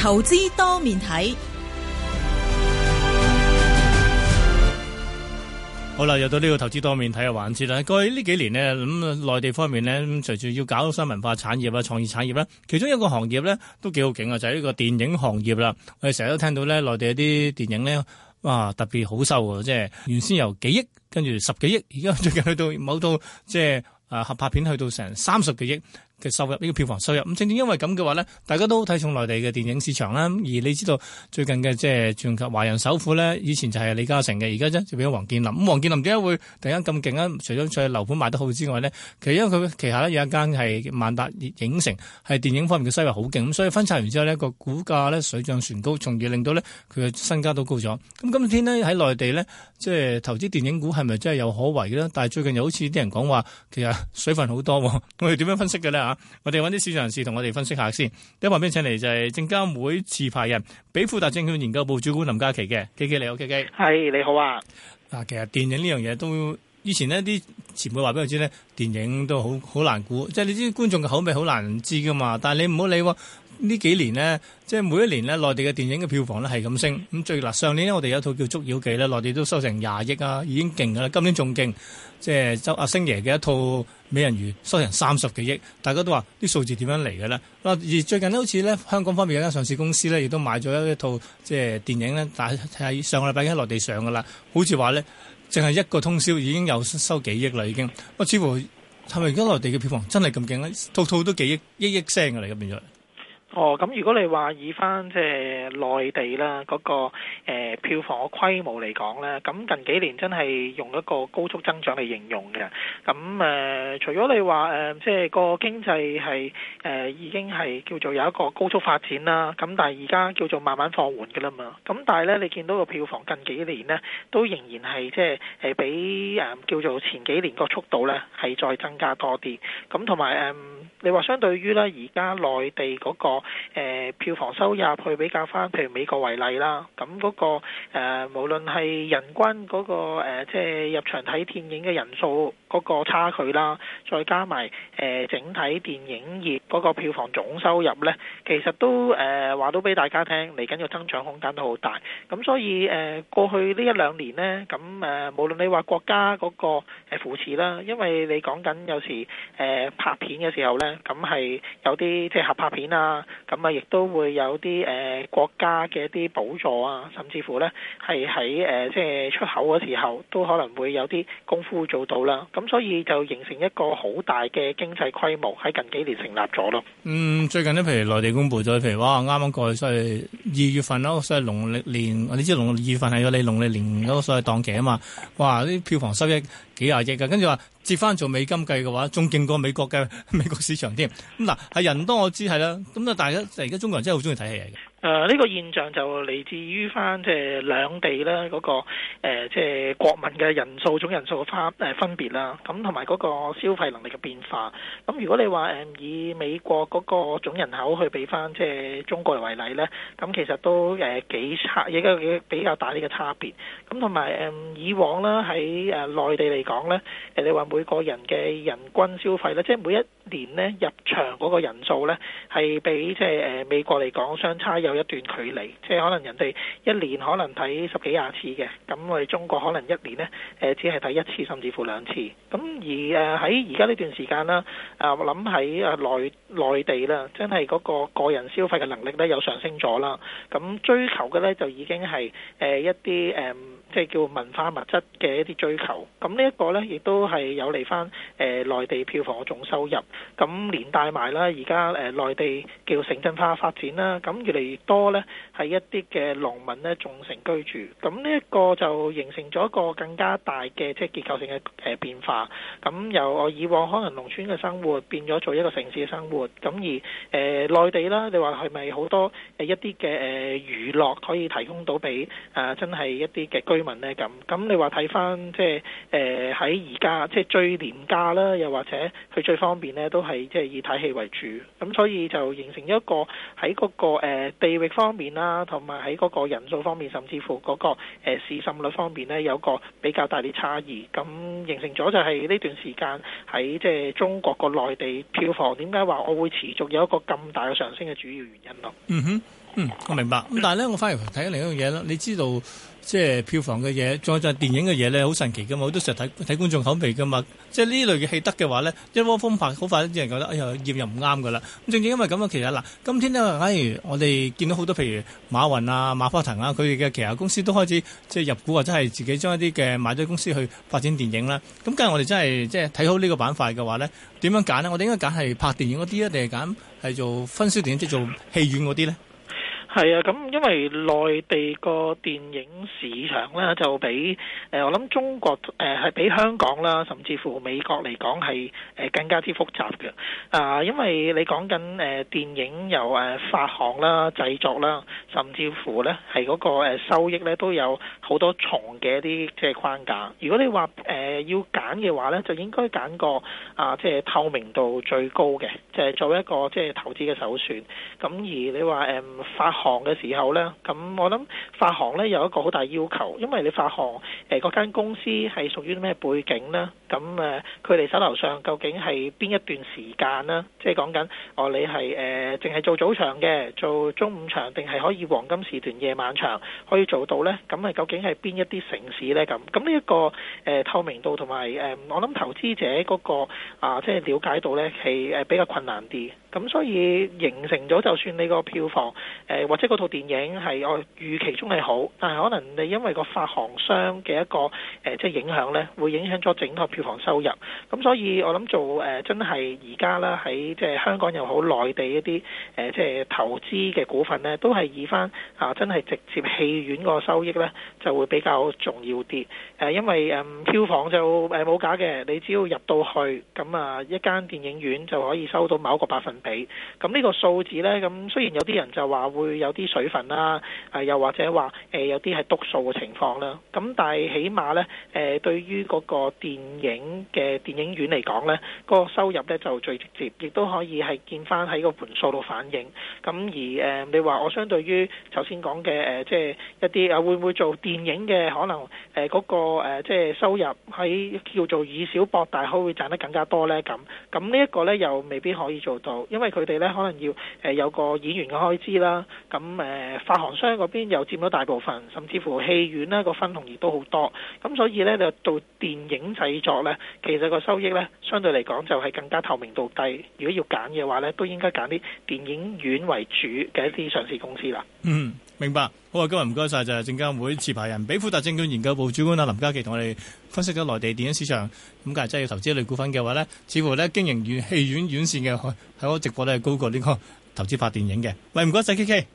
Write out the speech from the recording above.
投資多面睇，好啦，又到呢個投資多面睇嘅環節啦。過去呢幾年呢，咁內地方面呢，隨住要搞新文化產業啊、創意產業咧，其中一個行業呢都幾好勁啊，就係、是、呢個電影行業啦。我哋成日都聽到呢內地一啲電影呢，哇，特別好收喎，即係原先由幾億，跟住十幾億，而家最近去到某到，即係誒合拍片去到成三十幾億。嘅收入呢、這個票房收入咁正正，因為咁嘅話呢，大家都好睇重內地嘅電影市場啦。而你知道最近嘅即係全球華人首富呢，以前就係李嘉誠嘅，而家就變咗王健林。咁王健林點解會突然間咁勁啊？除咗在樓盤賣得好之外呢，其實因為佢旗下有一間係萬達影城，係電影方面嘅收益好勁，咁所以分拆完之後呢，個股價呢水漲船高，從而令到呢佢嘅身家都高咗。咁今天呢喺內地呢，即係投資電影股係咪真係有可為嘅呢？但係最近又好似啲人講話，其實水分好多。我哋點樣分析嘅呢？我哋揾啲市場人士同我哋分析下先，一邊旁邊請嚟就係證監會持牌人，比富達證券研究部主管林嘉琪嘅，KK 你好，KK，係你好啊。嗱，其實電影呢樣嘢都。以前呢啲前輩話俾我知呢，電影都好好難估，就是，即係你知觀眾嘅口味好難知噶嘛。但係你唔好理喎，呢幾年呢，即係每一年呢，內地嘅電影嘅票房呢係咁升。咁最嗱上年呢，我哋有一套叫《捉妖記》呢，內地都收成廿億啊，已經勁噶啦。今年仲勁，即係周阿星爺嘅一套《美人魚》收成三十幾億，大家都話啲數字點樣嚟嘅呢，嗱而最近呢，好似呢，香港方面有間上市公司呢，亦都買咗一套即係電影呢，但係上個禮拜已經喺內地上噶啦，好似話呢。淨係一個通宵已經有收幾億啦！已經，我似乎係咪而家內地嘅票房真係咁勁咧？套套都幾億、億億聲㗎喇，咁變咗。哦，咁如果你話以翻即係內地啦，嗰個誒票房嘅規模嚟講呢，咁近幾年真係用一個高速增長嚟形容嘅。咁誒、呃，除咗你話誒，即係個經濟係誒已經係叫做有一個高速發展啦。咁但係而家叫做慢慢放緩㗎啦嘛。咁但係呢，你見到個票房近幾年呢，都仍然係即係比、呃、叫做前幾年個速度呢，係再增加多啲。咁同埋誒你話相對於呢，而家內地嗰、那個、呃、票房收入，去比較返，譬如美國為例啦，咁嗰、那個、呃、無論係人均嗰、那個即係、呃就是、入場睇電影嘅人數，嗰個差距啦，再加埋誒、呃、整體電影業嗰個票房總收入呢，其實都誒話到俾大家聽，嚟緊嘅增長空間都好大。咁所以誒、呃、過去呢一兩年呢，咁誒、呃、無論你話國家嗰個扶持啦，因為你講緊有時誒、呃、拍片嘅時候呢，咁係有啲即係合拍片啊，咁啊亦都會有啲誒、呃、國家嘅一啲補助啊，甚至乎呢係喺誒即係出口嘅時候都可能會有啲功夫做到啦。咁所以就形成一個好大嘅經濟規模，喺近幾年成立咗咯。嗯，最近呢，譬如內地公布咗，譬如哇，啱啱過去即係二月份咯，所以農曆年，你知農二月份係我你農曆年嗰個所謂檔期啊嘛。哇，啲票房收益幾廿億㗎。跟住話折翻做美金計嘅話，仲勁過美國嘅美國市場添。咁、啊、嗱，係人多我知係啦，咁啊，大家而家中國人真係好中意睇戲嚟嘅。誒呢、呃呢個現象就嚟自於翻即係兩地咧嗰、那個即係、呃就是、國民嘅人數總人數嘅分分別啦，咁同埋嗰個消費能力嘅變化。咁、啊、如果你話以美國嗰個總人口去比翻即係中國為例呢，咁、啊、其實都、啊、幾差，亦都比較大啲嘅差別。咁同埋以往啦，喺內地嚟講呢，你話每個人嘅人均消費呢，即係每一年呢入場嗰個人數呢，係比即係美國嚟講相差有一段距離，即係可能人哋一年可能睇十幾廿次嘅，咁我哋中國可能一年呢，只係睇一次甚至乎兩次。咁而喺而家呢段時間啦，我諗喺內內地啦，真係嗰個個人消費嘅能力呢，有上升咗啦，咁追求嘅呢，就已經係一啲即係叫文化物質嘅一啲追求，咁呢一個咧，亦都係有利翻誒內地票房嘅總收入，咁連帶埋啦，而家誒內地叫城鎮化發展啦，咁越嚟越多咧，係一啲嘅農民咧，從城居住，咁呢一個就形成咗一個更加大嘅即係結構性嘅誒變化，咁由我以往可能農村嘅生活變咗做一個城市嘅生活，咁而誒內地啦，你話係咪好多誒一啲嘅誒娛樂可以提供到俾誒、啊、真係一啲嘅居市咁，咁你話睇返即係誒喺而家即係最廉價啦，又或者佢最方便呢，都係即係以睇戲為主。咁所以就形成一個喺嗰個誒地域方面啦，同埋喺嗰個人數方面，甚至乎嗰個誒市滲率方面呢，有個比較大啲差異。咁形成咗就係呢段時間喺即係中國個內地票房，點解話我會持續有一個咁大嘅上升嘅主要原因咯。嗯哼。嗯，我明白咁，但係咧，我反而睇另一樣嘢啦。你知道，即係票房嘅嘢，再就係電影嘅嘢咧，好神奇噶嘛。好多時候睇睇觀眾口味噶嘛。即係呢類嘅戲得嘅話咧，一窩蜂拍，好快啲人覺得哎呀，業又唔啱噶啦。咁正正因為咁啊，其實嗱，今天呢，反而我哋見到好多，譬如馬雲啊、馬化騰啊，佢哋嘅旗下公司都開始即係入股或者係自己將一啲嘅買咗公司去發展電影啦。咁梗係我哋真係即係睇好呢個板塊嘅話咧，點樣揀呢？我哋應該揀係拍電影嗰啲啊，定係揀係做分銷電影即係做戲院嗰啲咧？係啊，咁因為內地個電影市場咧就比我諗中國誒係比香港啦，甚至乎美國嚟講係更加之複雜嘅。啊，因為你講緊電影由發行啦、製作啦，甚至乎咧係嗰個收益咧都有好多重嘅一啲即係框架。如果你話誒要揀嘅話咧，就應該揀個啊即係、就係、透明度最高嘅，就係、係、作為一個即係、就係、投資嘅首選。咁而你話誒、嗯、發行行嘅時候呢，咁我諗發行呢有一個好大要求，因為你發行嗰間公司係屬於咩背景呢？咁佢哋手頭上究竟係邊一段時間呢？即係講緊哦，你係淨係做早場嘅，做中午場定係可以黃金時段夜晚場可以做到呢？咁啊，究竟係邊一啲城市呢？咁咁呢一個、呃、透明度同埋、呃、我諗投資者嗰個啊，即係，呃，了解到呢，係比較困難啲。咁所以形成咗，就算你個票房，誒、呃、或者嗰套電影係我預期中係好，但係可能你因為個發行商嘅一個誒即係影響咧，會影響咗整套票房收入。咁所以我諗做誒、呃、真係而家啦，喺即係香港又好，內地一啲誒即係投資嘅股份咧，都係以翻啊真係直接戲院個收益咧就會比較重要啲。誒、呃，因為誒、嗯、票房就誒冇、呃、假嘅，你只要入到去，咁啊一間電影院就可以收到某一個百分俾咁呢個數字呢，咁雖然有啲人就話會有啲水分啦、啊呃，又或者話、呃、有啲係篤數嘅情況啦、啊。咁但係起碼呢，呃、對於嗰個電影嘅電影院嚟講呢，個收入呢就最直接，亦都可以係見翻喺個盤數度反映。咁、嗯、而、呃、你話我相對於頭先講嘅即係一啲啊會唔會做電影嘅可能嗰、呃嗰個即係、呃即係、收入喺叫做以小博大，可能會賺得更加多呢？咁咁呢一個呢，又未必可以做到。因為佢哋咧可能要誒有個演員嘅開支啦，咁誒、呃、發行商嗰邊又佔咗大部分，甚至乎戲院咧個分紅亦都好多，咁所以咧就到電影製作咧，其實個收益咧相對嚟講就係更加透明度低。如果要揀嘅話咧，都應該揀啲電影院為主嘅一啲上市公司啦。嗯。明白，好啊！今日唔該晒，就係證監會持牌人比富達證券研究部主管啊林嘉麒同我哋分析咗內地電影市場。咁梗係真係要投資呢類股份嘅話咧，似乎咧經營院戲院院線嘅喺直播咧係高過呢個投資拍電影嘅。唔該晒，KK。